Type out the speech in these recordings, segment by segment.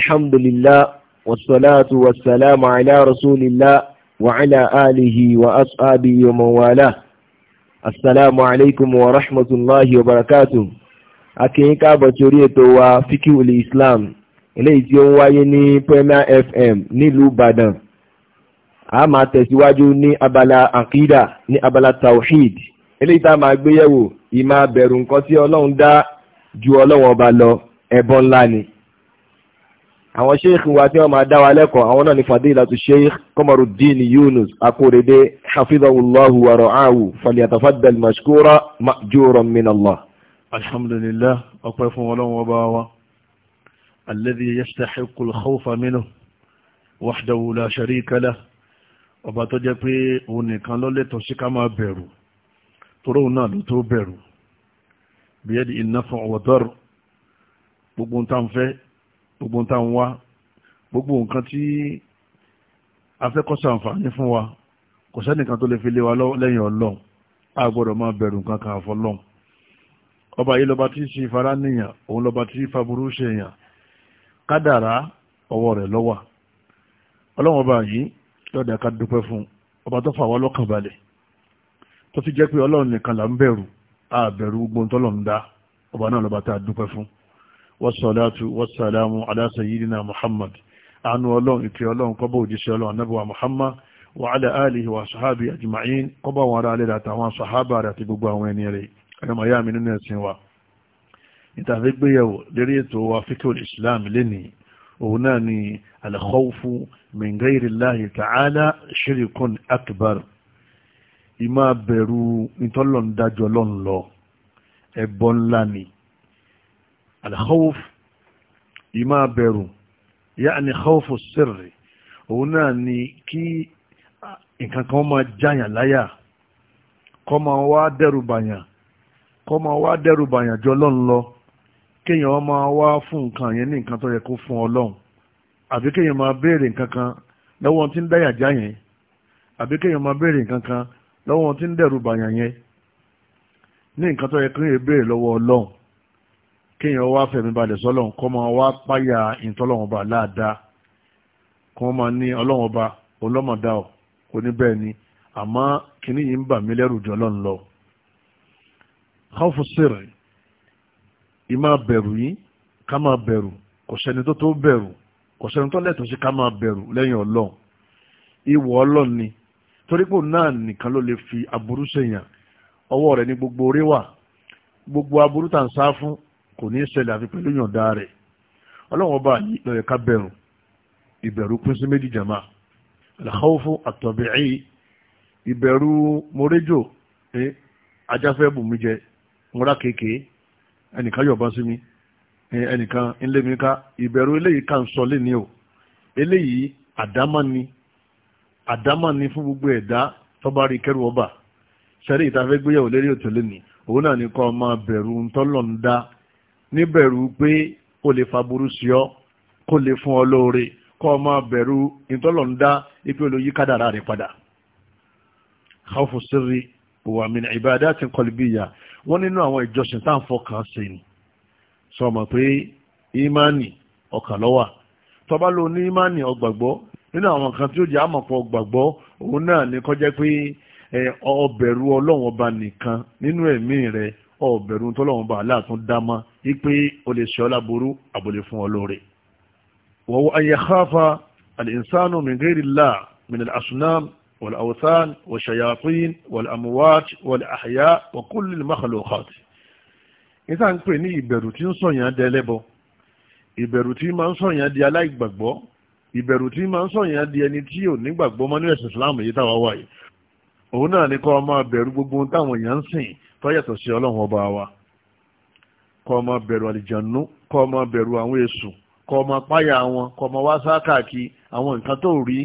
الحمد لله والصلاة والسلام على رسول الله وعلى آله وأصحابه ومن والاه السلام عليكم ورحمة الله وبركاته akínyínká bọ̀tí ètò wa fíkíù lè islam eléyìí tí ó ń wáyé ní premier fm nílùú ìbàdàn a máa tẹ̀síwájú ní abala akida ní abala tawhid eléyìí tá a máa gbéyẹ̀wò ìmá bẹ̀rù nǹkan tí ọlọ́run dá ju ọlọ́run ọba lọ ẹbọ ńlá ni àwọn sheikh wa tí wọ́n máa dá wa lẹ́kọ̀ọ́ àwọn náà ni fadilatu sheikh Qamaruddin Yunus Akorede hafidhahullahu wa ra'ahu falyatafaddal mashkura ma'juran min Allah. alhamdulillah ọpẹ́ fún Ọlọ́run ọba wa alladhi yastahiqqu al-khawfa minhu wahdahu la sharika lah ọba tó jẹ́ pé òun nìkan ló lẹ́tọ̀ọ́ sí ká máa bẹ̀rù toró náà ló tó bẹ̀rù biyadihi an-naf'u wa ad gbogbo ń tàn fẹ́ gbogbo ń táwọn wá gbogbo nǹkan tí afẹ́kọ́sọ àǹfààní fún wa kò sẹ́nìkan tó lè fi lé wa lẹ́yìn ọlọ́run a gbọ́dọ̀ máa bẹ̀rù nǹkan kan àfọlọ́run ọba yìí lọba tí í ṣe ìfara níyàn òun lọba tí faburú ṣe èèyàn kádàrá ọwọ́ rẹ̀ lọ́wà ọlọ́run ọba yìí lọ́dà ká dúpẹ́ fún ọba tó fà wá lọ́kàn balẹ̀ tó fi jẹ́ pé ọlọ́run nìkan là ń bẹ̀rù a bẹ̀rù gbogbo ohun dá ọba náà lọba tá a dúpẹ́ fún wasalaatu wasalaamu ala sayyidina muhammad àánú ọlọ́run ìkẹ́ ọlọ́run kó bá òjíṣẹ́ ọlọ́run anábọ̀wá muhammad wa ala alihi wa sahabi ajma'in kó bá wọn ará alẹ́ àtàwọn sahaba rẹ̀ àti gbogbo àwọn ẹni rẹ̀ ẹ̀rọ ya mi nínú ẹ̀sìn wa ìtàfẹ́ gbéyàwó lérí ètò wa fíkẹ́ islam lénìí òun náà ni alkhawfu min ghayri Allahi akbar ìmá bẹ̀rù ìtọ́lọ̀ lọ́nlọ́ ẹ̀bọ ńlá alkhawf ìmá bẹ̀rù yáàni khawfu sirri òun náà ni kí nkankan máa jáyàn láyà kọ́ máa wá dẹ́rù bàyàn kọ́ wá jọ lọ́n lọ kéèyàn ma wá fún nǹkan yẹn ní yẹ fún àbí béèrè yẹn àbí béèrè yẹn ní kíyàn wá fẹ̀mí balẹ̀ sọ́lọ́run kọ́ máa wá páyà ìtọ́lọ́run ọba láàdáa kọ́ máa ní ọlọ́run ọba ọlọ́mọdá ọ̀ kò ní bẹ́ẹ̀ ni àmọ́ kíní yìí ń bà mí lẹ́rù jọ lọ́n lọ. káfù sèrè ìmá bẹ̀rù yìí ká máa bẹ̀rù kò sẹ́ni tó tó bẹ̀rù kò sẹ́ni tó lẹ́tọ̀ọ́ sí ká máa bẹ̀rù lẹ́yìn ọlọ́run ìwọ ọlọ́run ni torí pé náà nìkan ló lè fi aburú sèyàn ọwọ́ rẹ̀ ní gbogbo orí wà gbogbo aburú tà ń sá fún kò ní ṣẹlẹ̀ àfi pẹ̀lú yọ̀ǹda rẹ̀ ọlọ́run ọba yìí lọ́yẹ̀ ká bẹ̀rù ìbẹ̀rù pín sí méjì jàmá al-khawfu at ìbẹ̀rù morejo ẹ eh, ajáfẹ́ bùnmi múra kéèké ẹnìkan yọ̀bá sí mi eh, ẹnìkan ńlẹ́mìíká ìbẹ̀rù eléyìí kà o eléyìí àdámà ni àdámà ni fún gbogbo ẹ̀dá tọ́ba rí kẹrù ọba ṣẹ́rí ìtafẹ́ gbéyàwó lérí òtò léni òun náà níbẹ̀rù pé kò lè faburú sí ọ kò lè fún ọ lóore kọ́ ọ máa bẹ̀rù ìtọ́lọ̀ ń dá ipe olóyí kádàrá rẹ̀ padà. káfù sírì wà mí ìbádà ti kọlbíyà wọ́n nínú àwọn ìjọsìn tá à ń fọkàn sí ni sọmọ pé ìmánì ọkàn lọ́wà tọ́ba ló ní ìmánì ọgbàgbọ́ nínú àwọn nǹkan tí ó jẹ́ àmọ̀pọ̀ ọgbàgbọ́ òun náà ni kọjá pé ọbẹ̀rù ọlọ́run nìkan nínú ẹ̀mí rẹ̀ ọ̀bẹ̀rù tọ́lọ́wọ́n bá aláàtún dámá wípé o lè ṣọ́ láború àbòlè fún ọlọ́rẹ̀ wọ́wọ́ ayẹ̀háfà alìsánù mìgírìlá mìnàlásùnám wàlàwòsán wàṣàyàfín wàlàmùwàt wàlàhàyà wàkúlìl makhlúkàt níta ń pè ní ìbẹ̀rù tí ń sọ̀yàn dẹlẹ́bọ ìbẹ̀rù tí máa ń sọ̀yàn di aláìgbàgbọ́ ìbẹ̀rù tí máa ń sọ̀yàn di ẹni tí ò nígbàgbọ́ mọ́ ní ẹ̀sìn yìí táwa wáyé òun náà ní kọ́ ọ máa bẹ̀rù gbogbo táwọn èèyàn ń sìn tọ́yàtọ̀ sí ọlọ́run ọba wa kọ́ ọmọ bẹ̀rù àlìjànú kọ́ ọmọ bẹ̀rù àwọn èṣù kọ́ ọmọ páyà wọn kọ́ ọmọ wá sákàkí àwọn nǹkan tó rí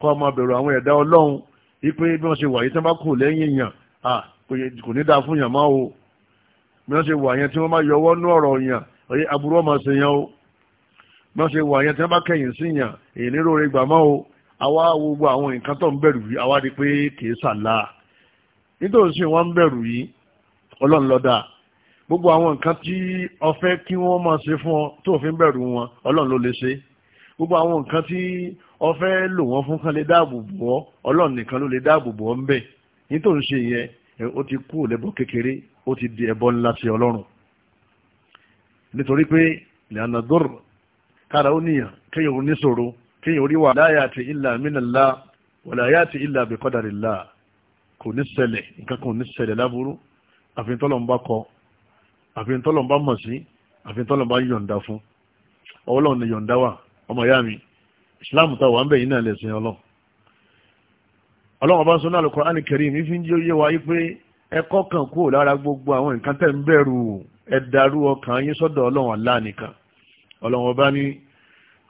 kọ́ ọmọ bẹ̀rù àwọn ẹ̀dá ọlọ́run ipe bí wọ́n ṣe wà yìí tí wọ́n bá kù lẹ́yìn yàn kò ní fún yàn o bí wọ́n ṣe wà yẹn tí wọ́n bá yọwọ́ ọ̀rọ̀ yàn oye aburú ọmọ yàn o bí wọ́n ṣe wà yẹn tí wọ́n bá kẹ̀yìn sí yàn èyí o àwa gbogbo àwọn nǹkan tó pé sàlá nítòsí wọn ń bẹ̀rù yìí ọlọ́run ló dá gbogbo àwọn nǹkan tí o fẹ́ kí wọ́n máa ṣe fún ọ tó fi ń bẹ̀rù wọn ọlọ́run ló lè ṣe gbogbo àwọn nǹkan tí o fẹ́ lò wọ́n fún kan lè dáàbò bò ọ́ ọlọ́run nìkan ló lè dáàbò bò ọ́ ń bẹ̀ nítòsí yẹn ó ti kú òlẹ́bọ kékeré ó ti di ẹbọ ńlá sí ọlọ́run nítorí pé lẹ́yìn àdúrà kára ó níyàn kéèyàn oníṣòro kéèyàn orí láyà àti ìlà mínàlá kò ní ṣẹlẹ̀ nǹkan kan ò ní ṣẹlẹ̀ láburú àfihàn tọ́lọ̀ ń bá kọ àfihàn tọ́lọ̀ ń bá mọ̀ sí àfihàn tọ́lọ̀ ń bá yọ̀ǹda fún ọlọ́run ni yọ̀ǹda wà ọmọ ìyá mi islam ta wà ń bẹ̀ yín náà lẹ́sìn ọlọ́run ọlọ́run ọba sọ náà Al-Qur'an Karim mi fi ń jẹ́ oyé pé ẹkọ́ kan kúrò lára gbogbo àwọn nǹkan tẹ̀ ń bẹ̀rù ẹ darú ọkàn yín sọ́dọ̀ ọlọ́run Allah nìkan ọlọ́run ọba ní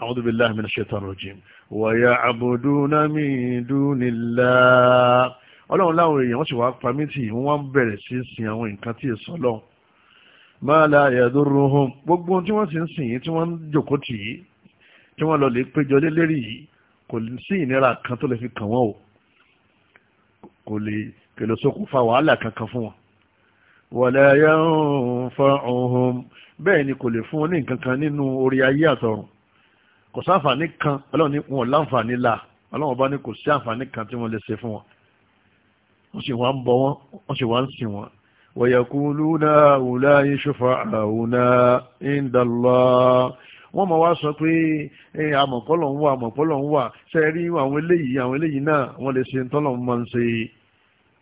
a'udhu billahi minash shaitanir rajim wa ya'buduna min dunillah ọlọ́run láwọn èèyàn wọ́n sì wá pàmìtì wọ́n wá ń bẹ̀rẹ̀ sí sin àwọn nǹkan tí èso ọlọ́run máa la yadurruhum gbogbo tí wọ́n sì ń sìn yìí tí wọ́n ń jòkó tì yìí tí wọ́n lọ lè péjọ lé lérí yìí kò sí ìnira kan tó lè fi kàn wọ́n o kò lè kèlò sókò fa wàhálà kankan fún wọn wala yanfa'uhum bẹ́ẹ̀ ni kò lè fún wọn ní nǹkan kan nínú orí ayé àtọ̀run kò sáǹfààní kan ọlọ́run ní wọn láǹfààní la ọlọ́run bá ní kò sí àǹfààní kan tí wọ́n lè ṣe fún wọn wọ́n sì wá ń bọ wọ́n wọ́n sì wá ń sìn wọ́n wa yaquluna ulai shufa'auna inda Allah wọ́n mọ̀ wá sọ pé àmọ̀kọ́lọ̀ ń wà àmọ̀kọ́lọ̀ ń wà ṣe rí àwọn eléyìí àwọn eléyìí náà wọ́n lè ṣe tọ́lọ̀ máa ń ṣe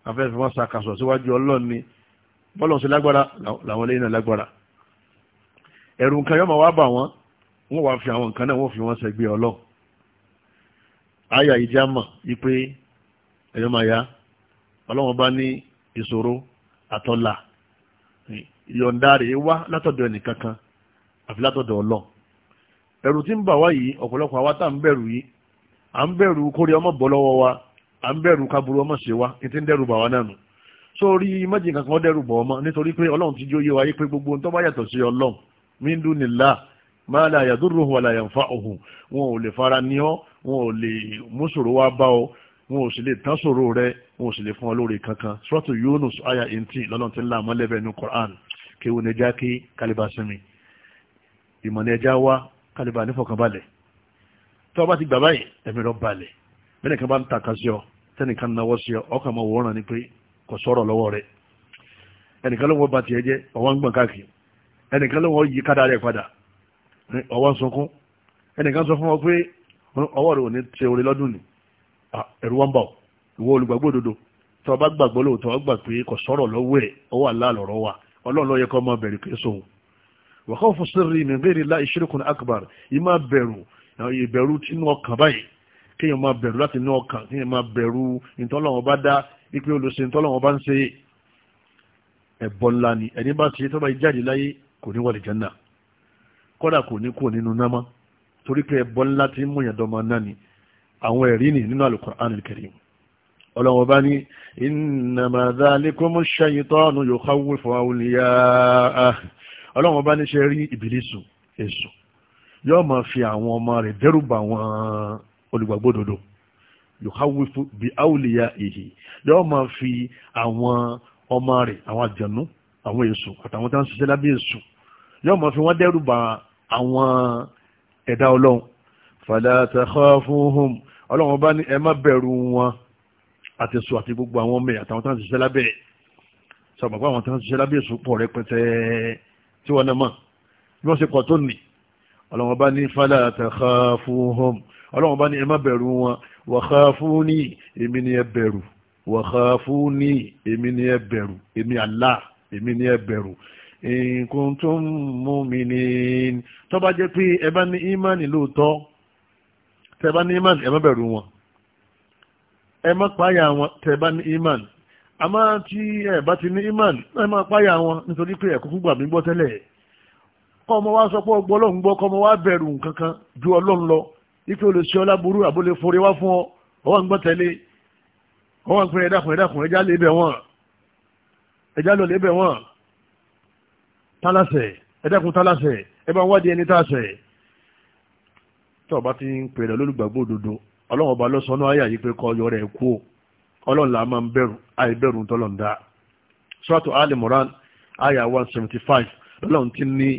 afẹ́fẹ́ wọn ṣàkàṣọ̀ síwájú ọlọ́run bọ́lọ̀ ọlọ́run bá ní ìṣòro àtọ́là ìyọ̀ǹda rẹ̀ wá látọ̀dọ̀ ẹnìkankan àfi látọ̀dọ̀ ọlọ́ ẹ̀rù tí ń bà wá yìí ọ̀pọ̀lọpọ̀ àwa tá à ń bẹ̀rù yìí à ń bẹ̀rù kórè ọmọ bọ́ lọ́wọ́ wa à ń bẹ̀rù kaburú ọmọ ṣe wa ètí ń dẹ́rù bà wá nánu sórí méjì kankan dẹ́rù bọ̀ ọmọ nítorí pé ọlọ́run ti jó yé wa yí pé gbogbo tó bá yàtọ̀ sí ọlọ́run min dunillah ma la yadurruhu wa la yanfa'uhu wọn ò lè fara ní ọ wọn ò lè mú ṣòro wá bá ọ wọn ò sì lè tán ṣòro rẹ wọn ò sì lè fún ọ lórí kankan suratu Yunus aya eighteen lọ́nà tí ń là mọ́lẹ́bẹ̀ ní Qur'an kéwu ní ẹja kí kálíbà sinmi ìmọ̀ ní ẹja wá kálíbà nífọ̀kànbalẹ̀ tí wọ́n bá ti gbà báyìí ẹ̀mí rọ balẹ̀ bẹ́ẹ̀ kan bá ń takà sí ọ tẹ́nìkan náwó sí ọ ọkàn máa wòran ni pé kò sọ̀rọ̀ lọ́wọ́ rẹ̀ ẹnìkan ló ń wọ́n ba tiẹ̀ jẹ́ ọwọ́ ń gbọ̀n káàkiri ẹnìkan ló ń wọ́n yí kádà rẹ̀ padà ọwọ́ ń sunkún ẹnìkan sọ fún ìwọ olùgbàgbọ́ òdodo tí wọ́n bá gbàgbọ́ lóòótọ́ wọ́n gbà pé kò sọ̀rọ̀ lọ́wọ́ ẹ̀ ọwọ́ àlá lọ́rọ̀ wa ọlọ́run ló yẹ kó máa bẹ̀rù késo wa khawfu sirri min ghayri la shirkun akbar yìí máa bẹ̀rù ìbẹ̀rù tinú ọkàn báyìí kéèyàn máa bẹ̀rù láti inú ọkàn kéèyàn máa bẹ̀rù ìtọ́lọ́wọ́n bá dá ipe olùsè ìtọ́lọ́wọ́n bá ń ṣe ẹ̀bọ ńlá ni ẹni bá ṣe tó bá yí jáde láyé kò àwọn ẹ̀rí ni nínú Al-Qur'an al ọlọ́run bá ní innama dhalikumu shaytanu yukhawwifu awliyaa ọlọ́run bá ní ṣe rí ìbílísù èṣù yóò máa fi àwọn ọmọ rẹ̀ dẹ́rùbà àwọn olùgbàgbódodo yukhawwifu bi awliyaihi yóò máa fi àwọn ọmọ rẹ̀ àwọn àjànú àwọn èṣù àtàwọn tó ń ṣiṣẹ́ lábẹ́ èṣù yóò máa fi wọ́n dẹ́rùbà àwọn ẹ̀dá ọlọ́run fala takhafuhum ọlọ́run bá ní ẹ má bẹ̀rù wọn àti èso àti gbogbo àwọn ọmọ àtàwọn tó ń ṣiṣẹ́ lábẹ́ sàmàgbà àwọn tó ń ṣiṣẹ́ lábẹ́ èso pọ̀ rẹpẹtẹ tí wọ́n náà mọ̀ bí wọ́n ṣe pọ̀ tó nì ọlọ́wọ́n bá ní fala takhafuhum ọlọ́wọ́n bá ní ẹ má bẹ̀rù wọn wa khafuni èmi ni ẹ bẹ̀rù wa khafuni èmi ni ẹ bẹ̀rù èmi Allah èmi ni ẹ bẹ̀rù in kuntum mu'minin tó bá jẹ́ pé ẹ bá ní ìmánì lóòótọ́ tẹ bá ní ìmánì ẹ má bẹ̀rù wọn ẹ má páyà wọn tẹ́ bá ní iman àmọ́ tí ẹ bá ti ní iman ẹ má páyà wọn nítorí pé ẹ̀kú fúgbà mi gbọ́ tẹ́lẹ̀ kọ́ ọmọ wa sọ pé ọgbọ́ ọlọ́run gbọ́ kọ́ ọmọ wa bẹ̀rù nǹkankan ju ọlọ́run lọ ipe olùsí ọlábùrú àbólé forí wá fún ọ ọwọ́ ń gbọ́ tẹ́lẹ̀ ọwọ́ ń pinnu ẹ̀dàkùn ẹ̀dàkùn ẹja lè bẹ̀ wọ́n ẹja lọ lè bẹ̀ wọ́n tálàsẹ̀ ẹ̀dàkùn tálàsẹ̀ ẹ bá wádìí ẹni tálàsẹ̀ tọ́ọ̀ bá ti ń pèrè lólùgbàgbọ́ òdodo ọlọ́run ọba lọ́sọ̀nù ayà yìí pé kọ́ yọ rẹ̀ kú ọlọ́run là máa ń bẹ̀rù àìbẹ̀rù tọ́lọ́run dá sọ́ọ̀tù ali moran ayà one seventy five lọ́lọ́run ti ní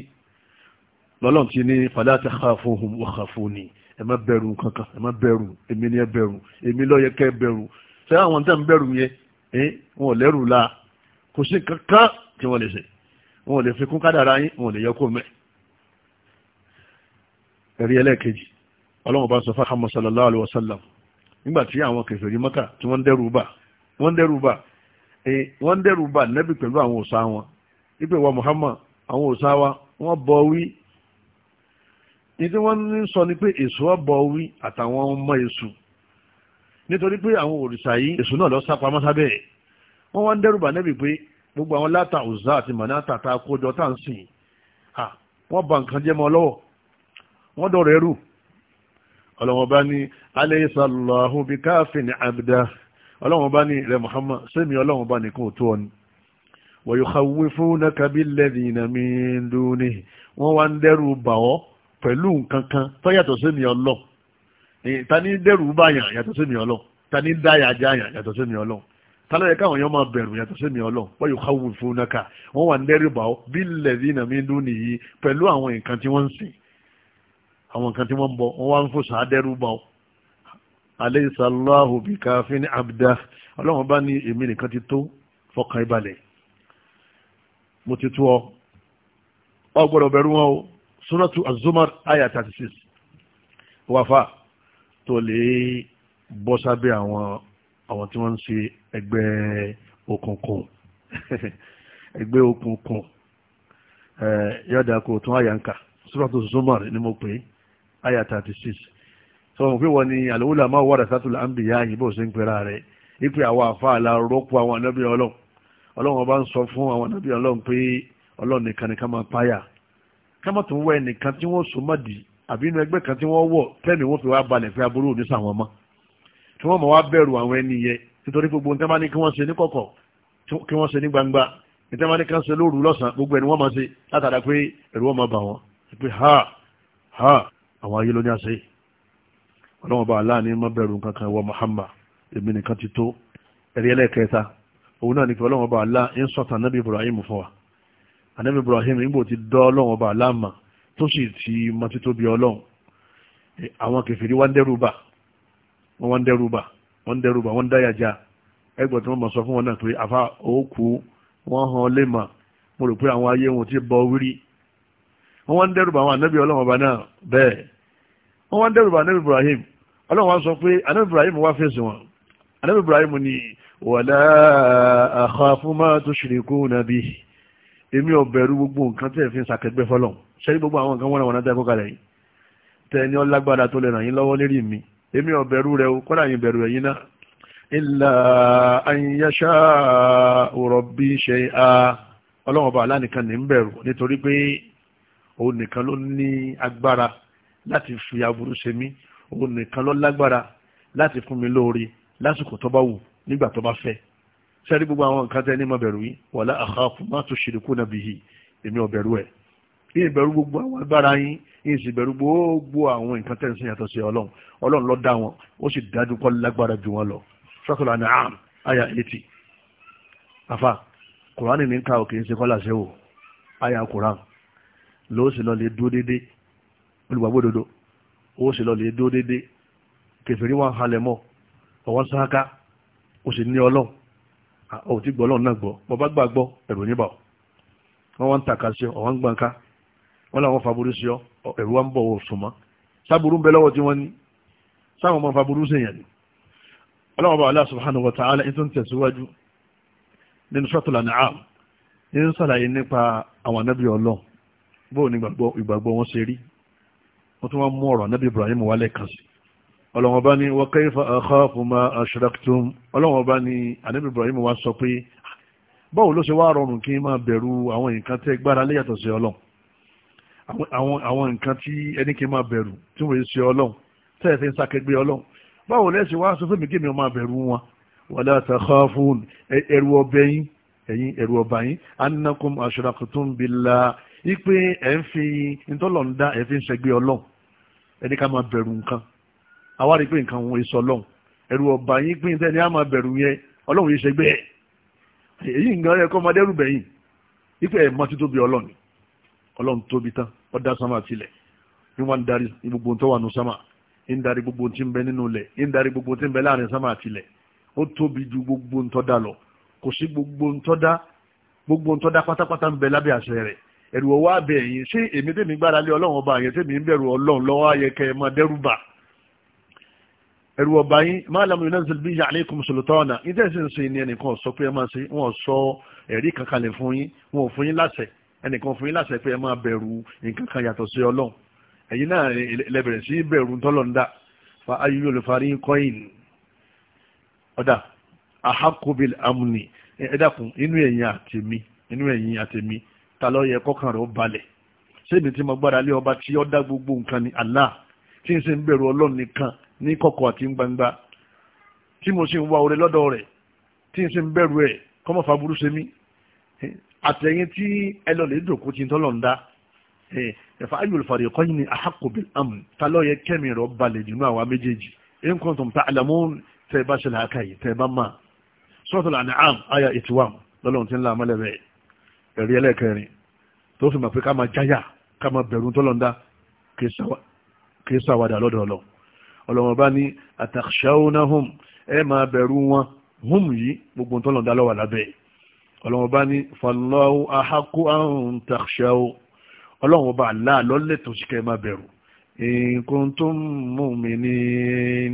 lọ́lọ́run ti ní fala takhafuhum wa khafuni má bẹ̀rù kankan ẹ má bẹ̀rù èmi ni ẹ bẹ̀rù èmi ló yẹ kẹ́ bẹ̀rù ṣé àwọn tẹ́ ń bẹ̀rù yẹn eh, wọn ò lẹ́rù la kò sí kankan tí wọ́n lè ṣe wọn ò lè fi kún kádàrá yín wọn lè yọ kó mẹ́ ẹ̀rí ẹlẹ́ẹ̀kejì ọlọ́run bá sọ fún Muhammad sallallahu alaihi wasallam nígbà tí àwọn kèfèrí Mákà tí wọ́n dẹ́rù bà wọ́n dẹ́rù bà wọ́n dẹ́rù bà nẹ́bì pẹ̀lú àwọn òòṣà wọn ipe wa Muhammad àwọn òòṣà wa wọ́n bọ̀ wí ní tí wọ́n ń sọ ni pé èṣù ọ̀bọ̀ wí àtàwọn ọmọ èṣù nítorí pé àwọn òrìṣà yìí èṣù náà lọ sápamọ́ sábẹ́ ẹ̀ wọ́n wá ń dẹ́rù bà nẹ́bì pé gbogbo àwọn látà òòṣà àti mọ̀nà tàtà kójọ tá à ń sìn wọ́n bà nǹkan jẹ́ mọ́ lọ́wọ́ wọ́n dọ̀rọ̀ ẹrù ọlọ́wọ́n bá ní alaysa Allahu bi káfin abdah ọlọ́wọ́n bá ní rẹ̀ Muhammad sẹ́mi ọlọ́wọ́n bá nìkan tó ọ ni wa yukhawwifunaka billadhina min dunihi wọ́n wá ń dẹ́rù bà ọ́ pẹ̀lú nǹkan kan tó yàtọ̀ sẹ́mi ọlọ́ ta ní dẹ́rù báyàn yàtọ̀ sẹ́mi ọlọ́ ta ní dáyà jáyàn yàtọ̀ sẹ́mi ọlọ́ ta ló yẹ káwọn èèyàn máa bẹ̀rù yàtọ̀ sẹ́mi ọlọ́ wa yukhawwifunaka wọ́n wá ń dẹ́rù bà ọ́ billadhina min dunihi pẹ̀lú àwọn nǹkan tí wọ́n ń sìn àwọn kan tí wọ́n ń bọ̀ wọ́n wá ń fò sàádẹ́rù bọ̀ ọ́ aleyhisalahu bi káfíń abdá ọlọ́run bá ní èmi nìkan ti tó fọkàn ìbalẹ̀ mo ti tó ọ ọ gbọ́dọ̀ bẹ̀rù wọn o suratu azumar aya thirty six wafa, tó lè bọ́ sábẹ́ àwọn àwọn tí wọ́n ń ṣe ẹgbẹ́ òkùnkùn ẹgbẹ́ òkùnkùn yọ̀dà kò tún àyànká suratu azumar, ni mo pè é aya thirty six sọ wọn pé wọn ni àlùwòlà máa wàdà sátúlà à ń bìyà yìí bó ṣe ń pera rẹ̀ ipe àwọn àfa àlà rọ́pò àwọn anábì ọlọ́run ọlọ́run ọba ń sọ fún àwọn anábì ọlọ́run pé ọlọ́run nìkan nìkan máa páyà kámọ́ tó ń wọ ẹnìkan tí wọ́n so má dì àbí inú ẹgbẹ́ kan tí wọ́n wọ̀ tẹ́mi wọ́n fi wá balẹ̀ fẹ́ aburú òní sàwọn ọmọ tí wọ́n mọ̀ wá bẹ̀rù àwọn ẹni yẹ nítorí gbogbo nǹkan bá ní kí wọ́n ṣe ní kọ̀kọ̀ kí wọ́n ṣe ní gbangba nǹkan bá ní kí wọ́n ṣe lóru lọ́sàn gbogbo ẹni wọ́n máa ṣe látara pé ẹ̀rù wọn máa bà wọ́n pé ha ha àwọn ayé ló ní àṣẹ ọlọ́wọ́n bá aláàní má bẹ̀rù kankan wọ Muhammad èmi nìkan ti tó ẹ̀rí ẹlẹ́ẹ̀kẹta òun náà ní pé ọlọ́wọ́n bá aláà ń sọ̀tàn anábì Ibrahim fún wa anábì Ibrahim nígbò ti dọ́ ọlọ́wọ́n bá aláà mà tó sì ti mọ títóbi ọlọ́wọ́n àwọn kèfèrí wá ń dẹ́rù bà wọ́n wá ń dẹ́rù bà wọ́n ń bà wọ́n dáyà já ẹgbẹ́ tí wọ́n mọ̀ sọ fún wọn náà pé àfa òkú wọ́n hàn lè mà mo rò pé àwọn ayé wọn ti bọ wírí wọ́n wá ń bà àwọn anábì ọlọ́wọ́n bá náà bẹ́ẹ̀ wọ́n wá ń dẹ́rùbà anabi ibrahim ọlọ́run wá sọ pé anabi ibrahim wá fèsì wọn anabi ibrahim ni wàlá àkàfù máa tó ṣìrìkú nàbí èmi ò bẹ̀rù gbogbo nǹkan tẹ́ fi ń sàkẹgbẹ́ fọlọ́ ṣẹ́rí gbogbo àwọn nǹkan wọ́n náà tẹ́kọ́ kalẹ̀ yìí tẹ́ni ọlágbára tó lè ràn yín lọ́wọ́ lérí mi èmi ò bẹ̀rù rẹ o kọ́dà yín bẹ̀rù ẹ̀yìn náà ilà ayinyaṣá láti fi aburú ṣe mí òun nìkan ló lágbára láti fún mi lóore lásìkò tó bá wù nígbà tó bá fẹ́ sẹ́rí gbogbo àwọn nǹkan tẹ́ ní ma bẹ̀rù yín wala akhafu ma tushrikuna bihi èmi ò bẹ̀rù ẹ̀ yín bẹ̀rù gbogbo àwọn agbára yín yín sì bẹ̀rù gbogbo àwọn nǹkan tẹ́ ń sìn yàtọ̀ sí ọlọ́run ọlọ́run ló dá wọn ó sì dájú kọ́ lágbára ju wọn lọ Suratul An'am àyà eighty afa kùránì ní ká òkè ń ṣe kọ́lá ṣe wò àyà kùránì lóòsì lọ lè dúró déédéé olùgbàgbọ́ òdodo ó sì lọ lè dúró déédéé kẹfìrí wọn halẹ̀ mọ́ ọwọ́ sáká ó sì ní ọlọ́run ó ti gbọ́ ọlọ́run náà gbọ́ bọ́ bá gbàgbọ́ ẹ̀rù níbà wọ́n wá ń tàka sí ọ ọ̀wọ́n ń gbọ̀nká wọ́n làwọn faburú sí ọ ẹ̀rù wa ń bọ̀ òsùn mọ́ sábúrú ń bẹ lọ́wọ́ tí wọ́n ní sáwọn ọmọ faburú sí èèyàn ni ọlọ́run bá Allah subhanahu wa ta'ala ẹni tó ń tẹ̀síwájú nínú suratul An'am ní sàlàyé nípa àwọn anábì ọlọ́run bóun ní ìgbàgbọ́ wọn ṣe rí wọ́n tún wá mú ọ̀rọ̀ anábì ibrahim wálé kan sí ọlọ́wọ́n bá ní wa kayfa akhafu ma ashraktum ọlọ́wọ́n bá ní anábì ibrahim wá sọ pé báwo ló ṣe wá rọrùn kí n máa bẹ̀rù àwọn nǹkan tẹ́ gbára lé yàtọ̀ sí ọlọ́run àwọn nǹkan tí ẹni kí n máa bẹ̀rù tí wọ́n ṣe ọlọ́run tẹ́ fi ń sàkẹgbẹ́ ọlọ́run báwo lẹ́sìn ẹ̀rù ọbẹ̀ yín ẹ̀yin ẹ̀rù ọba yín annakum ashraktum billah wípé ẹ̀ ń fi ntọ́lọ̀ ń dá ẹ̀ fi ń ṣẹgbẹ́ ọlọ́run ẹni ká máa bẹ̀rù nǹkan àwárí pé nǹkan òun èso ọlọ́run ẹ̀rù ọ̀bà yín pín tẹ́ni á máa bẹ̀rù yẹn ọlọ́run yìí ṣẹgbẹ́ ẹ̀ èyí nǹkan ẹ̀kọ́ ọmọdé rù bẹ̀yìn wípé ẹ̀ máa títóbi ọlọ́run ọlọ́run tóbi tán ó dá sámà tilẹ̀ ní wọ́n darí gbogbo tó wà nù sámà ń darí gbogbo tí ń bẹ nínú ilẹ̀ ń darí gbogbo tí ń bẹ láàrin sámà tilẹ̀ ó tóbi ju gbogbo ntọ́dá lọ kò sí gbogbo ntọ́dá gbogbo ntọ́dá pátápátá ń bẹ lábẹ́ àṣẹ rẹ̀ ẹ̀rù ọwọ́ abẹ ẹ̀yìn ṣé èmi tèmi gbára lé ọlọ́run ọba yẹn tèmi ń bẹ̀rù ọlọ́run lọ́wọ́ ayẹkẹ́ ẹ̀ máa dẹ́rù bà ẹ̀rù ọba yín máa lamu iná zèlú bíi alaykum sultana yín tẹ̀sí ń sin ní ẹnìkan sọ pé ẹ máa ṣe wọn sọ ẹ̀rí kankan lè fún yín wọn ò fún yín láṣẹ ẹnìkan fún yín láṣẹ pé ẹ máa bẹ̀rù nǹkan yàtọ̀ sí ọlọ́run ẹ̀yin náà fa ayúlò lè farí kọ́ìn ọ̀dà ahakobil amuni ẹ̀dàkùn inú ẹ̀yin àtẹ̀mí inú ẹ̀yin ta ló yẹ kọ́kàn rẹ̀ ó balẹ̀ sẹ́ni tí mo gbára lé ọba tí ó dá gbogbo nǹkan ni Allah tí n sì ń bẹ̀rù ọlọ́run nìkan ní kọ̀kọ̀ àti gbangba tí mo sì ń wá oore lọ́dọ̀ rẹ̀ tí n sì ń bẹ̀rù ẹ̀ kọ́mọ̀ fa burú ṣe mí àtẹ̀yìn tí ẹ lọ lè dòkú tí n tọ́lọ̀ ń dá ẹ̀fà ayò ìfàdé kọ́ yìí ni ahaqqu bil amn yẹ kẹ́mi rọ̀ balẹ̀ jù náà wà méjèèjì in kuntum lọ́lọ́run ti ń la amálẹ̀ bẹ́ẹ̀ ẹ̀rí ẹlẹ́ẹ̀kẹrin tó fi mọ̀ pé ká máa jáyà ká máa bẹ̀rù tọ́lọ́ndá kìí sàwádà lọ́dọ̀ ọlọ́ ọlọ́mọba ní àtàkṣáwónáhùn ẹ máa bẹ̀rù wọn hùm yìí gbogbo tọ́lọ́ndá lọ́wà lábẹ́ ọlọ́mọba ní fallahu ahaku ahun tàkṣáwó ọlọ́mọba Allah lọ́lẹ̀ tó sì kẹ́ máa bẹ̀rù in kuntum mu'minin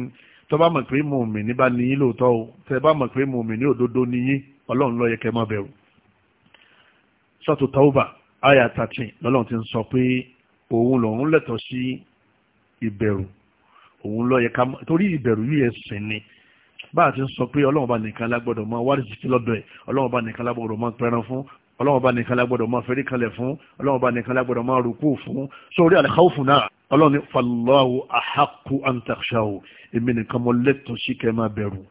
tó bá mọ̀ pé mùmìnì bá ní yín lóòótọ́ o tẹ́ bá mọ̀ pé mùmìnì òdodo ní yín ọlọ́run ló yẹ kẹ́ máa bẹ̀rù sọ́tò tauba aya thirteen lọ́lọ́run ti ń sọ pé òun lòun lẹ́tọ̀ọ́ sí ìbẹ̀rù òun ló yẹ ká torí ìbẹ̀rù yìí ẹ̀sìn ni bá a ti ń sọ pé ọlọ́run bá nìkan lágbọ́dọ̀ máa wá rìsìkí lọ́dọ̀ ẹ̀ ọlọ́run bá nìkan lágbọ́dọ̀ máa pẹran fún ọlọ́run bá nìkan lágbọ́dọ̀ máa fẹ́rí kalẹ̀ fún ọlọ́run bá nìkan lágbọ́dọ̀ máa rúkú fún sórí àlẹ́kàwọ́fù náà ọlọ́run ní fallahu ahaku antakshahu èmi nìkan mo lẹ́tọ̀ọ́ sí kẹ́ máa bẹ̀rù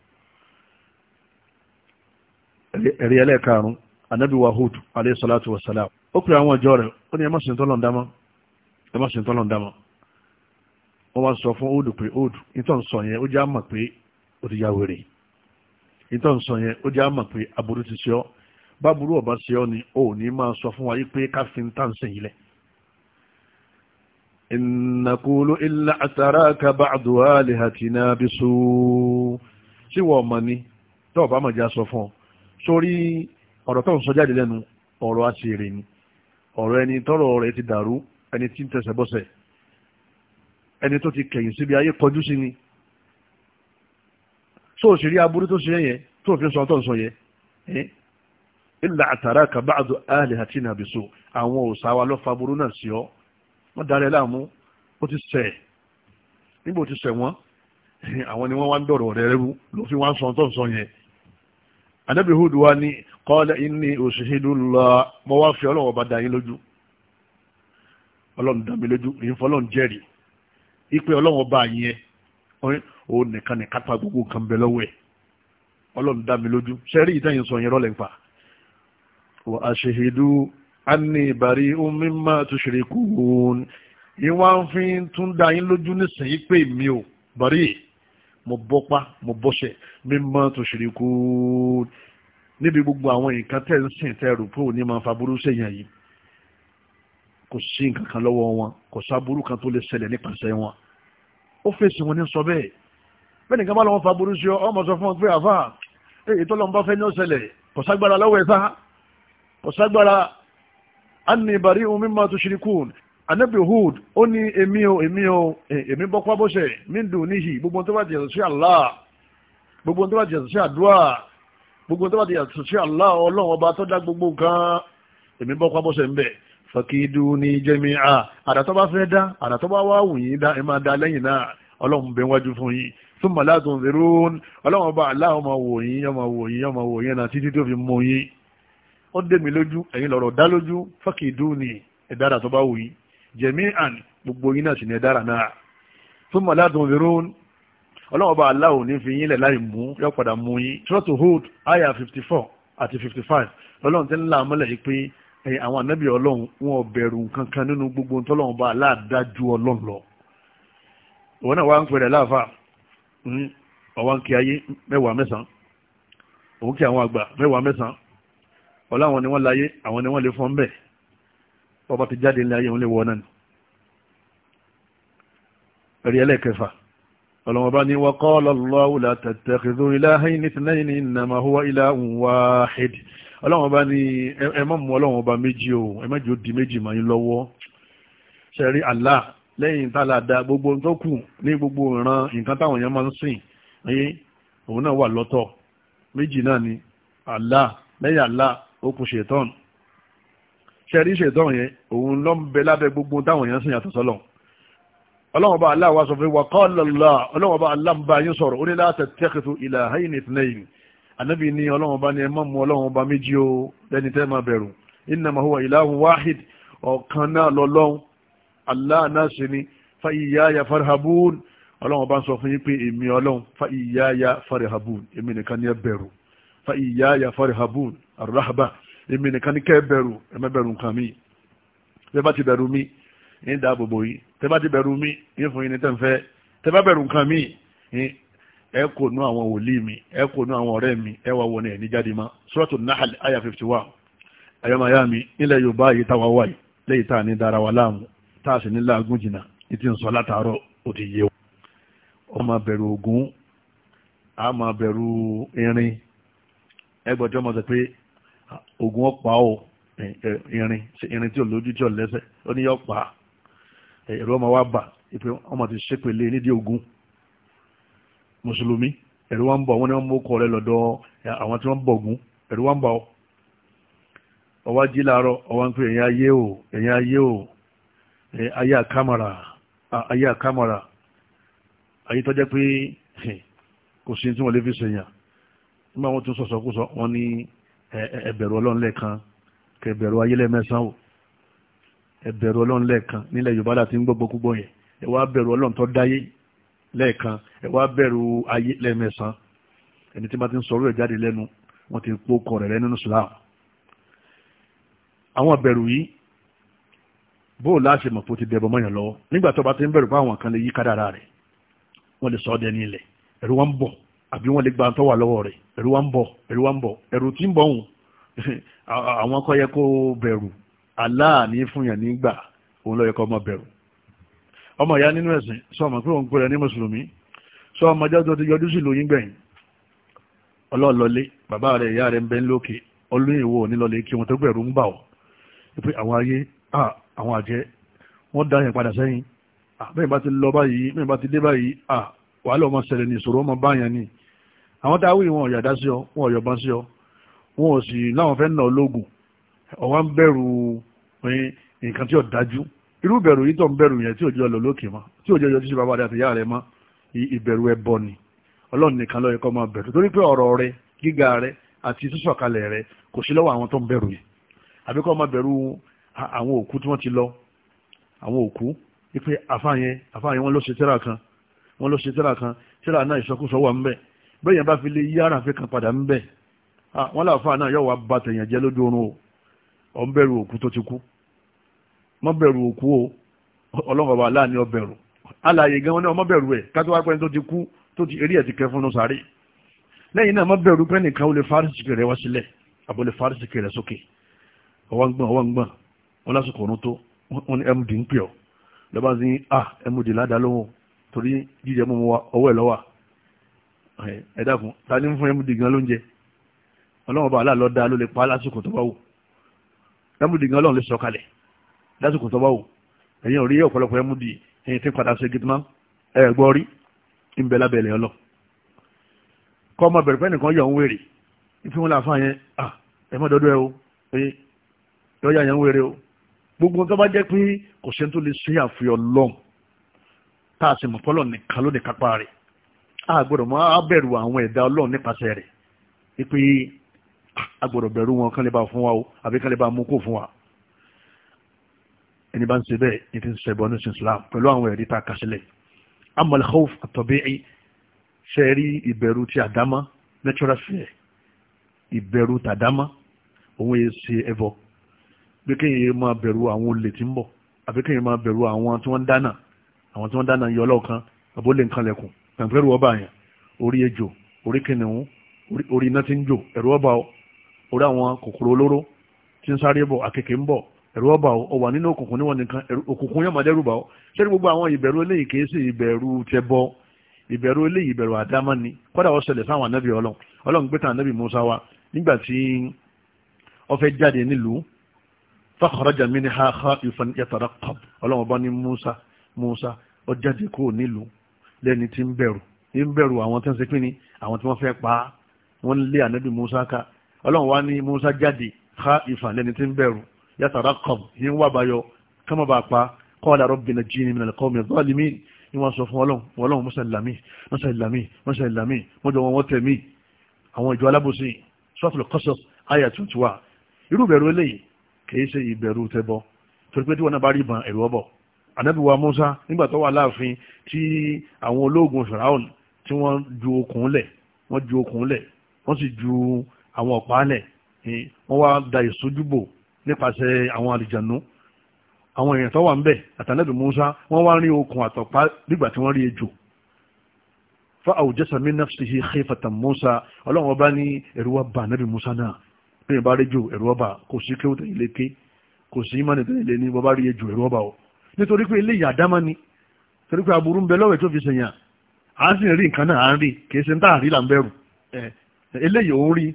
ẹ̀rí ẹlẹ́ẹ̀karùn-ún anabi wahud alayhi salatu wa salam ó pè àwọn ọjọ́ rẹ̀ ó ní ẹ má sìn tọ́lọ̀ ń dámọ́ ẹ má sìn tọ́lọ̀ ń dámọ́ wọ́n wá sọ fún Hud pé Hud ìtọ́ ń sọ yẹn ó jẹ́ àmọ̀ pé ó ti ya wèrè ìtọ́ ń sọ yẹn ó jẹ́ àmọ̀ pé aburú ti ṣe ọ́ báburú ọ̀bá ṣe ọ́ ni ó ní máa sọ fún wa yí pé ká fi yìí lẹ̀. ìnàkúlù ilà àtàràkà bá àdùá lè hàtìnà bí so ṣíwọ̀ ọmọ ni tọ́ ọ̀bá mọ̀já sọ fún ọ sórí ọ̀rọ̀ tó ń sọ jáde lẹ́nu ọ̀rọ̀ àṣírí ni ọ̀rọ̀ ẹni tọ́rọ̀ rẹ̀ ti dàrú ẹni tí ń tẹsẹ̀ bọ́sẹ̀ ẹni tó ti kẹ̀yìn síbi ayé kọjú sí ni tó o sì rí aburú tó ṣe yẹn tó o fi sọ tó ń sọ yẹn ilà àtàrà kàbáàdù àlè àti nàbìsọ àwọn òòsà wa lọ fa aburú náà sí ọ wọn darí ẹ láàmú ó ti ṣẹ̀ níbo ti ṣẹ̀ wọn àwọn ni wọn wá ń dọ̀rọ̀ rẹ̀ rẹ̀ ló fi wá ń sọ tó ń sọ yẹn wa ni kọ́lẹ̀ inú òṣèlú lọ mọ́ wá fi ọlọ́wọ́ bá dáyín lójú ọlọ́run dámi lójú èyí fọlọ́run jẹ́rìí ipe ọlọ́wọ́ bá yẹn ó nìkan nìkan pa gbogbo nǹkan bẹ lọ́wọ́ ẹ̀ ọlọ́run dámi lójú sẹ́rí ìtẹ́yìn sọ yẹn rọ́lẹ̀ ń pa wà á ṣèhìdú anni ìbàrí omi máa tún ṣeré kú òun ìwà ń fi tún dáyín lójú nísìnyí pé mi ò bàrí mo bọ́pá mo bọ́ṣẹ̀ mi máa tún ṣeré kú òun níbi gbogbo àwọn nǹkan tẹ́ ń sìn tẹ́ rò pé òní máa fa burú sèyàn yìí kò sí nǹkan kan lọ́wọ́ wọn kò sáburú kan tó lè ṣẹlẹ̀ nípasẹ̀ wọn ó fèsì wọn ní sọ bẹ́ẹ̀ bẹ́ẹ̀ nìkan bá lọ́wọ́ fa burú sí ọ ọmọ sọ fún wọn pé àfà èyí tó lọ́n bá fẹ́ ní ọ̀sẹ̀lẹ̀ kò ságbára lọ́wọ́ ẹ̀ sá kò ságbára anni bari'un mimma tushrikun anabi Hud ó ní èmi o èmi o èmi bọ́kọ́ bọ́sẹ̀ mí dùn níyì gbogbo tó bá jẹ̀sọ̀ sí Allah gbogbo tó bá jẹ̀sọ̀ sí àdúrà gbogbo tó bá ti yàtọ̀ sí Allah ọlọ́run ọba tó dá gbogbo nǹkan èmi bọ́ pa bọ́sẹ̀ ń bẹ̀ fàkìdù ní jẹ́mi à àdá tó bá fẹ́ dá àdá tó bá wá wù yín dá ẹ máa dá lẹ́yìn náà ọlọ́run bẹ wájú fún yín fún màláàtún zerún ọlọ́run ọba Allah máa wò yín yọ́ wò yín yọ́ wò yín náà títí tó fi mú yín ó dé mi lójú ẹ̀yin lọ́rọ̀ dá lójú fàkìdù ní ẹ̀dára tó bá wù yín jẹ́mi àn gbogbo yín náà sì ní ẹ̀dára náà ọlọ́wọ́n bá aláwọ̀ ní fi yín lẹ̀ láì mú yọ padà mú yín Suratu Hud aya fifty four àti fifty five lọ́lọ́run ti ń là mọ́lẹ̀ yìí pé àwọn anábì ọlọ́run wọn ò bẹ̀rù nǹkan kan nínú gbogbo tọ́lọ́run bá aláàdájú ọlọ́run lọ. ìwọ náà wá ń pèrè láàfà ọwọ́ ń kí ayé mẹ́wàá mẹ́sàn-án òun kí àwọn àgbà mẹ́wàá mẹ́sàn-án ọ̀la ni wọ́n láyé àwọn ni wọ́n lè fọ́n bẹ́ẹ̀ ọba ti jáde ilé ayé òun lè wọ ọlọ́mọba ni wa qala Allahu la tattakhidhu ilahayni ithnayni innama huwa ilahun wahid ọlọ́mọba ni ẹ má mú ọlọ́mọba méjì o ẹ má jò di méjì mọ́ yín lọ́wọ́ ṣẹ̀rí Allah lẹ́yìn tá a la da gbogbo tó kù ní gbogbo ìran nǹkan táwọn èèyàn máa ń sìn ẹyìn òun náà wà lọ́tọ̀ méjì náà ni Allah lẹ́yìn Allah ó ṣètọ́n ṣẹ̀rí ṣètọ́n yẹn òun ló lábẹ́ gbogbo táwọn èèyàn sìn yàtọ̀ sọ́lọ́n ọlọ́wọ́ba Allah wa sọ fún wa kọ́lọ̀lá ọlọ́wọ́ba Allah ń bá yín sọ̀rọ̀ ó ní láti tẹ́kẹ̀tù ilà haini tnayin anábì ní ọlọ́wọ́ba ní ẹmọ́ mu ọlọ́wọ́ba méjì ó lẹ́ni tẹ́ máa bẹ̀rù iná mahuwa ìlàhùn wáhid ọ̀kan náà lọ́lọ́hun Allah náà sì ni fa ìyáya farhabun ọlọ́wọ́ba sọ fún yín pé èmi ọlọ́hun fa ìyáya farhabun èmi nìkan ní ẹ bẹ̀rù ní dáàbòbò yìí tẹ́ ti bẹ̀rù mi ní fún yín ní tẹ́ǹfẹ́ tẹ́ bá bẹ̀rù nǹkan mi ní ẹ kò nú àwọn mi ẹ kò nú àwọn ọ̀rẹ́ mi ẹ wà ẹ̀ ma suratu nahal aya fifty one mi nílẹ̀ yorùbá yìí táwa wà yìí lẹ́yìn tá a ní dára wa láàmú tá a sì ní láàgùn jìnnà ní ti ń sọ látàárọ̀ ó ti bẹ̀rù máa irin pé ah, ọ̀pá irin irin tí ò lójú tí ò ẹ̀rọ ọmọ wa bà ìpè ọmọ ti ṣépele nídìí ogun mùsùlùmí ẹ̀rọ wa ń bọ̀ wọ́n ní wọ́n mú kọ́ rẹ lọ́dọ̀ àwọn tí wọ́n bọ̀ ogun ẹ̀rọ wa ń bọ̀ ọwọ́ jí láàárọ̀ ọwọ́ ń pè ẹ̀yin ayé o ẹ̀yin ayé o ayé àkàmàrà ayé àkàmàrà ayé tọ́jẹ́ pé kò sí tí wọ́n lè fi ṣèyàn nígbà wọn tún sọ̀sọ̀kúsọ wọn ní ẹ̀bẹ̀rù ọlọ́run lẹ́ẹ̀kan kẹ̀bẹ̀rù ayé lẹ́ẹ̀mẹ́sàn-án ẹ bẹ̀rù ọlọ́run lẹ́ẹ̀kan nílẹ̀ yorùbá láti ń gbọ́gbọ́ púpọ̀ yẹn ẹ wá bẹ̀rù ọlọ́run tó dáyé lẹ́ẹ̀kan ẹ wá bẹ̀rù ayé lẹ́ẹ̀mẹsàn ẹni tí wọ́n ti ń sọ̀rọ̀ ẹ̀ jáde lẹ́nu wọ́n ti pò kọ̀ rẹ̀ nínú islam àwọn bẹ̀rù yìí bó láṣẹ mọ̀ fún ti bẹ̀rù mọ́yàn lọ́wọ́ nígbà tó bá ti ń bẹ̀rù pé kan lè yí kádàrà rẹ̀ wọ́n lè sọ ọ́ dẹni aláàní fún yàn nígbà òun ló yẹ kó ọmọ bẹ̀rù ọmọ ìyá nínú ẹ̀sìn sọ ọmọ pé òun pèrè ní mùsùlùmí sọ ọmọ jọ́jọ́ ti yọjú sí lóyún gbẹ̀yìn ọlọ́ọ̀lọ́lé bàbá rẹ̀ ìyá rẹ̀ ń bẹ lókè ọlọ́yìn ìwọ onílọ́lé kí wọn tó gbẹ̀rù ń bà ọ́ pé àwọn ayé àwọn àjẹ́ wọ́n dá yẹn padà sẹ́yìn bẹ́ẹ̀ bá ti lọ báyìí bẹ́ẹ̀ bá ti dé báyìí wàhálà ọmọ ṣẹlẹ̀ ní ìṣòro ọmọ báyẹn ni àwọn táwí wọn ọ̀yàdá sí ọ wọn ọ̀yọ̀bọ̀n sí ọ wọn ò sì láwọn fẹ́ nà lóògùn ọ̀wá ń bẹ̀rù pé nǹkan tí ò dájú irú bẹ̀rù yìí tó ń bẹ̀rù yẹn tí òjò lọ lókè mọ́ tí òjò yọjú sí bàbá rẹ àti ìyá rẹ mọ́ ìbẹ̀rù ẹbọ ni ọlọ́run nìkan ló yẹ kó máa bẹ̀rù torí pé ọ̀rọ̀ rẹ gíga rẹ àti sísọ̀kalẹ̀ rẹ kò sí lọ́wọ́ àwọn tó ń bẹ̀rù yẹn àbí kó máa bẹ̀rù àwọn òkú tí wọ́n ti lọ àwọn òkú wípé àfáàyẹn àfáàyẹn wọ́n ló ṣe tẹ́ra kan wọ́n ló ṣe tẹ́ra kan tẹ́ra náà ìsọkúsọ wà ńbẹ̀ bẹ́ẹ̀ yẹn bá fi lé ọ̀ ń bẹ̀rù òkú tó ti kú má bẹ̀rù òkú o ọlọ́run ọba aláàánú ọ bẹ̀rù alààyè gan wọn ní ọmọ bẹ̀rù ẹ̀ kátó wá pẹ́ni tó ti kú tó ti eré ẹ̀ ti kẹ́ fún sáré lẹ́yìn náà má bẹ̀rù pé nìkan ó lè fárísìkì rẹ̀ wá sílẹ̀ àbò lè fárísìkì rẹ̀ sókè ọwọ́ ń gbọ́n ọwọ́ ń gbọ́n wọn lásìkò ọ̀run tó wọn ní md ń pè ọ́ lọ́ba ní a ah, md ládàá lóhùn torí jíjẹ mọ́ ọwọ́ ẹ̀ lọ́wà ẹ̀ dákun ta ni fún md gan lóúnjẹ ọlọ́run ọba aláàlọ́ dá ló lè pa lásìkò tó bá wù ẹmúdì gan ọlọ́run lè sọ kalẹ̀ lásìkò tó bá wò ẹ̀yìn òrí ọ̀pọ̀lọpọ̀ ẹmúdì ẹ̀yìn tí padà ṣe gidimá ẹ̀ gbọ́ rí ń bẹ lábẹ́lẹ̀ ọlọ kọ́ ọmọ bẹ̀rẹ̀ pẹ́ nìkan yọ̀ ń wèrè ìfihàn láàfáà yẹn ah ẹ̀mọ́ dọ́dọ́ ẹ o pé lọ́ọ̀yà yẹn ń wèrè o gbogbo tó bá jẹ́ pé kò ṣe tó lè ṣe àfihàn lọ́n tá a sì mọ̀ fọ́lọ̀ nìkan agbọ́dọ̀ bẹ̀rù wọn kán lè bá fún wa o àbí kán lè bá mú kó fún wa ẹni bá ń ṣe bẹ́ẹ̀ ní ti ń ṣẹ̀bọ̀ ní sin Islam pẹ̀lú àwọn ẹ̀rí tá a kà sílẹ̀ amal khawf at-tabi'i ṣe rí ìbẹ̀rù ti àdámá natural fear ìbẹ̀rù tàdámá òun yẹ ṣe ẹbọ bí kéèyàn máa bẹ̀rù àwọn olè tí ń bọ̀ àbí kéèyàn máa bẹ̀rù àwọn tí wọ́n dáná àwọn tí wọ́n dáná yọ ọlọ́ọ̀kan àbólé orí àwọn kòkòrò olóró tí ń sáré bọ̀ àkèké ń bọ̀ ẹ̀rù ọba ọ wà nínú òkùnkùn níwọ̀n nìkan òkùnkùn yóò máa dẹ́rù bà ọ́ ṣé ní gbogbo àwọn ìbẹ̀rù eléyìí kìí sí ìbẹ̀rù tẹ bọ ìbẹ̀rù eléyìí ìbẹ̀rù àdámọ́ ni kọ́dà wọ́n ṣẹlẹ̀ fáwọn anábì ọlọ́run ọlọ́run gbé tàn anábì Musa wa nígbà tí ó fẹ́ jáde nílùú fakharaja minha khaifan yatarqab ọlọ́run ọba ní Musa Musa ó jáde kúrò nílùú lẹ́ni tí ń bẹ̀rù ń bẹ̀rù àwọn tí wọ́n ṣe pín ní àwọn tí wọ́n fẹ́ pa wọ́n lé anábì Musa ká ọlọ́run wá ní musa jáde ha ìfàn lẹ́ni tí ń bẹ̀rù yàtàrà kọ̀m ní ń wàbáyọ kọ́mọ̀ bá pa kọ́ọ̀lá rọ́bìnà jíìnì mìíràn kọ́ mi bọ́ọ̀lì mi ni wọ́n sọ fún ọlọ́run ọlọ́run musa ìlàmí musa ìlàmí musa ìlàmí wọ́n jọ wọn wọ́n tẹ̀mí àwọn ìjọ alábòsí sọ́fìlì kọ́sọ̀ ayà tuntun wa irú bẹ̀rù eléyìí kìí ṣe ìbẹ̀rù tẹbọ torí pé tí wọn náà bá rí ìbọn ẹ̀rù ọbọ̀ ànábì wa musa nígbà tó wà láàfin tí àwọn ológun fìràwọn tí wọ́n ju okùn lẹ̀ wọ́n ju okùn lẹ̀ wọ́n sì ju àwọn ọ̀páálẹ̀ wọ́n wá da ìsójúbò nípasẹ̀ àwọn àlìjànú àwọn èèyàn tó wà ń bẹ̀ àtàlẹ́bì Musa wọ́n wá rí okùn àtọ̀pá nígbà tí wọ́n rí ejò fa awjasa min nafsihi khifatan Musa ọlọ́run ọba ní ẹ̀rù wa bà nẹ́bì Musa náà bí ìbá rí ejò ẹ̀rù ọba kò sí kéwù tẹ̀yìn lé ké kò sí ìmánì tẹ̀yìn lé ní bọ́bá rí ejò ẹ̀rù ọba o nítorí pé eléyìí àdámá ni torí pé aburú ń bẹ lọ́wọ́ tó fi sèyàn à ń sì rí nǹkan náà à ń rí kì í ṣe ń tà àrí là ń bẹ̀rù eléyìí òun rí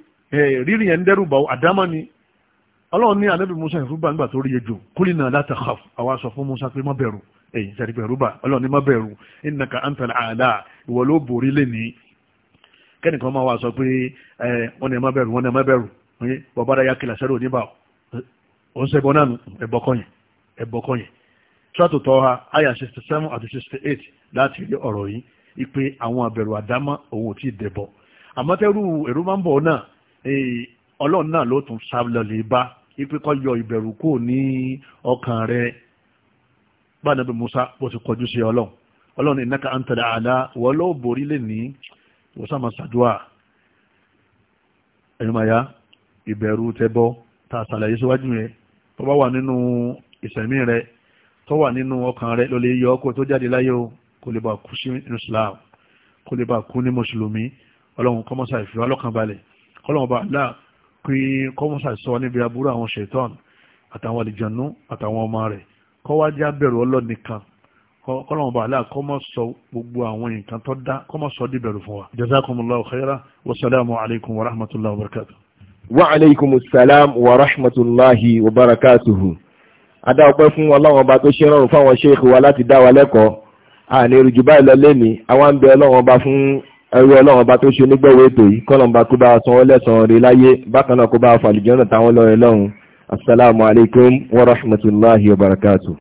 rírì yẹn ń dẹ́rù bá àdámọ́ ni ọlọ́run ní anábì musa ìfúgbà nígbà tó rí ejò kúlínà la takhaf àwa sọ fún musa pé má bẹ̀rù èyí sẹ́ni bẹ̀rù bá ọlọ́run ní má bẹ̀rù innaka antal aala ìwọ ló borí lẹ́ni kẹ́nìkan máa wà sọ pé wọ́n ní ẹ má bẹ̀rù wọ́n ní ẹ má bẹ̀rù bọ́bá dáyà kìlà sẹ́rù oníbà ó ń sẹ́gbọ́n náà ẹ̀bọ̀ kọ́yìn ẹ̀bọ̀ kọ́yìn sọ́tò tọ́ ha àyà sixty seven àti sixty eight láti rí ọ̀rọ̀ yìí ipe àwọn àbẹ̀rù àdámọ́ òun ò tí dẹ̀bọ̀ àmọ́tẹ́rù èrú máa ń bọ̀ náà Eh, ọlọ́run náà ló tún sábẹ́lẹ̀ bá ipe kọ́ yọ ìbẹ̀rù kò ní ọkàn rẹ bá nàbí Musa bó ti kọjú sí ọlọ́run ọlọ́run ìnáka à ń tẹ̀lé àlá wọ́n ló borí lè ní ìwòsàn máa ṣàdúrà ẹ̀yìn máa yá ìbẹ̀rù tẹ́bọ́ ta ṣàlàyé síwájú yẹn tó bá wà nínú ìsẹ̀mí rẹ tó wà nínú ọkàn rẹ ló lè yọ ọkọ̀ tó jáde láyé o kò lè bá kú sí Islam kò lè bá kú ní mùsùlùmí ọlọ́run kọ́mọ́sà ìfìwálọ́kànbalẹ̀ kọ́lọ́mọba láà pé kọ́mọ́sà sọ níbi aburú àwọn ṣètọ́n àtàwọn àlìjànú àtàwọn ọmọ rẹ̀ kọ́wájá bẹ̀rù ọlọ́nìkan kọ́lọ́mọba láà kọ́mọ́ sọ gbogbo àwọn nǹkan tó dá kọ́mọ́ sọ dí bẹ̀rù fún wa. jazakumullahu khaira wasalaamu alaykum wa rahmatulahi wa barakatuhu. wa aleykum salaam wa rahmatulahi wa barakatuhu. adá ọpẹ́ fún ọlọ́run ọba tó ṣe rọrùn fáwọn ṣéèkì wa láti dá wa lẹ́kọ̀ọ́ àní rújú báyìí àwọn ń bẹ ọlọ́run fún ẹrú ọlọ́run ọba tó ṣe onígbọ̀wọ́ ètò yìí kọ́lọ̀ ọba kó bá sanwó lẹ́sàn-án rí láyé bákan náà kó bá fàlìjọ́nà táwọn lọ́rẹ̀ lọ́run asalaamualeykum wa rahmatulahi wa barakatu.